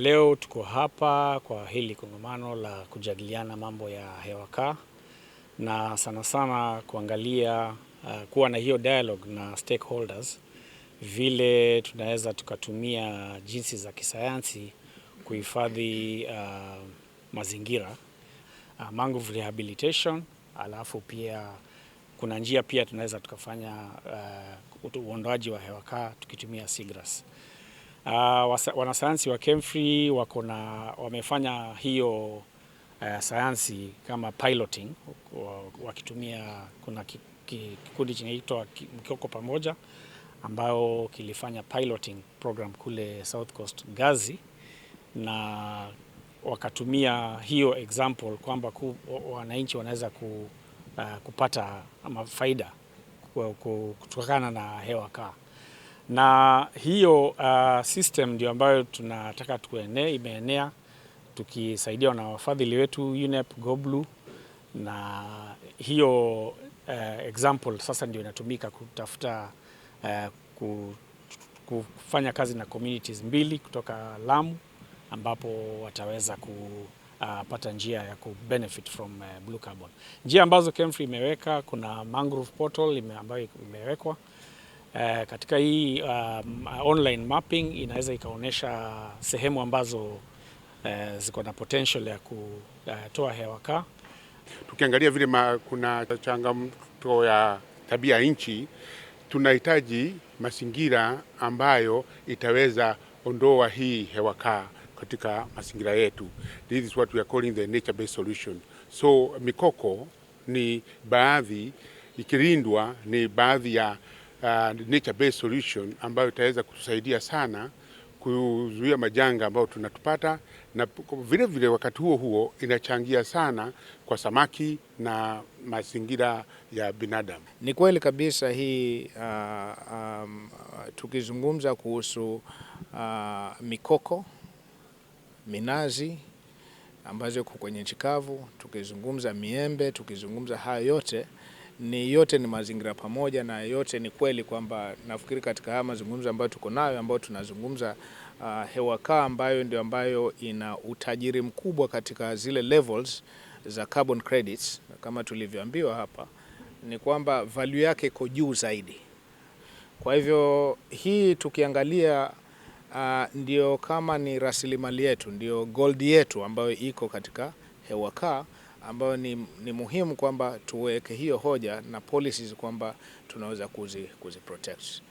Leo tuko hapa kwa hili kongamano la kujadiliana mambo ya hewa kaa na sana sana kuangalia uh, kuwa na hiyo dialogue na stakeholders, vile tunaweza tukatumia jinsi za kisayansi kuhifadhi uh, mazingira uh, mangrove rehabilitation, alafu pia kuna njia pia tunaweza tukafanya uh, uondoaji wa hewa kaa tukitumia seagrass. Uh, wanasayansi wa KEMFRI wako na wamefanya hiyo uh, sayansi kama piloting wakitumia kuna kikundi kinaitwa mkoko Pamoja ambao kilifanya piloting program kule South Coast Gazi, na wakatumia hiyo example kwamba wananchi wanaweza ku, uh, kupata faida kutokana na hewa kaa na hiyo uh, system ndio ambayo tunataka tuene, imeenea tukisaidiwa na wafadhili wetu UNEP, Goblu na hiyo uh, example sasa ndio inatumika kutafuta uh, kufanya kazi na communities mbili kutoka Lamu ambapo wataweza kupata uh, njia ya kubenefit from uh, blue carbon. Njia ambazo Kemfri imeweka kuna mangrove portal ime ambayo imewekwa Eh, katika hii um, online mapping inaweza ikaonyesha sehemu ambazo uh, ziko na potential ya kutoa eh, uh, hewa kaa. Tukiangalia vile ma, kuna changamoto ya tabia nchi, tunahitaji mazingira ambayo itaweza ondoa hii hewa kaa katika mazingira yetu. This is what we are calling the nature based solution. So mikoko ni baadhi, ikilindwa ni baadhi ya and uh, nature based solution ambayo itaweza kutusaidia sana kuzuia majanga ambayo tunatupata, na vile vile wakati huo huo inachangia sana kwa samaki na mazingira ya binadamu. Ni kweli kabisa hii. Uh, um, tukizungumza kuhusu uh, mikoko, minazi ambazo iko kwenye nchi kavu, tukizungumza miembe, tukizungumza haya yote ni yote ni mazingira pamoja na yote ni kweli kwamba nafikiri katika haya mazungumzo ambayo tuko nayo ambayo tunazungumza uh, hewa kaa ambayo ndio ambayo ina utajiri mkubwa katika zile levels za carbon credits kama tulivyoambiwa hapa, ni kwamba value yake iko juu zaidi. Kwa hivyo hii tukiangalia uh, ndio kama ni rasilimali yetu, ndio gold yetu ambayo iko katika hewa kaa ambayo ni, ni muhimu kwamba tuweke hiyo hoja na policies kwamba tunaweza kuzi, kuzi protect.